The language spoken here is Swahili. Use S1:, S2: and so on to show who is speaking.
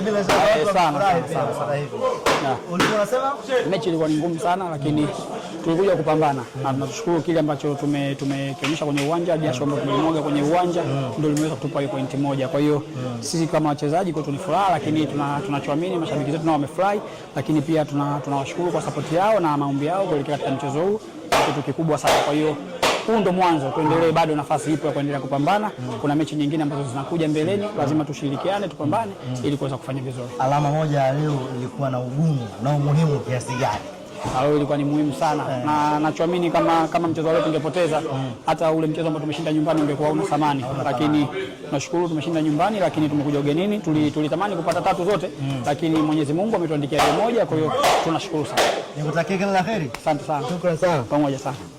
S1: bila
S2: shaka sana. Mechi ilikuwa ngumu sana, lakini tulikuja kupambana na tunashukuru kile ambacho tumekionyesha kwenye uwanja, jasho ambalo tumemwaga kwenye uwanja ndio limeweza kutupa hiyo pointi moja. Kwa hiyo sisi kama wachezaji kwetu ni furaha, lakini tunachoamini tuna mashabiki zetu nao wamefurahi, lakini pia tunawashukuru tuna kwa sapoti yao na maombi yao kuelekea katika mchezo huu, kitu kikubwa sana. Kwa hiyo huu ndo mwanzo, tuendelee, bado nafasi ipo ya kuendelea kupambana. Kuna mechi nyingine ambazo zinakuja mbeleni, lazima tushirikiane, tupambane ili kuweza kufanya vizuri.
S1: Alama moja leo ilikuwa na ugumu na umuhimu kiasi gani?
S2: au ilikuwa ni muhimu sana yeah. Na nachoamini kama, kama mchezo leo tungepoteza yeah. Hata ule mchezo ambao tumeshinda nyumbani ungekuwa una thamani yeah. Lakini nashukuru tumeshinda nyumbani, lakini tumekuja ugenini, tulitamani tuli kupata tatu zote yeah. Lakini Mwenyezi Mungu ametuandikia moja, kwa hiyo tunashukuru sana.
S1: nikutakie kila la heri.
S2: Asante sana. Shukrani
S1: sana. Pamoja
S2: sana.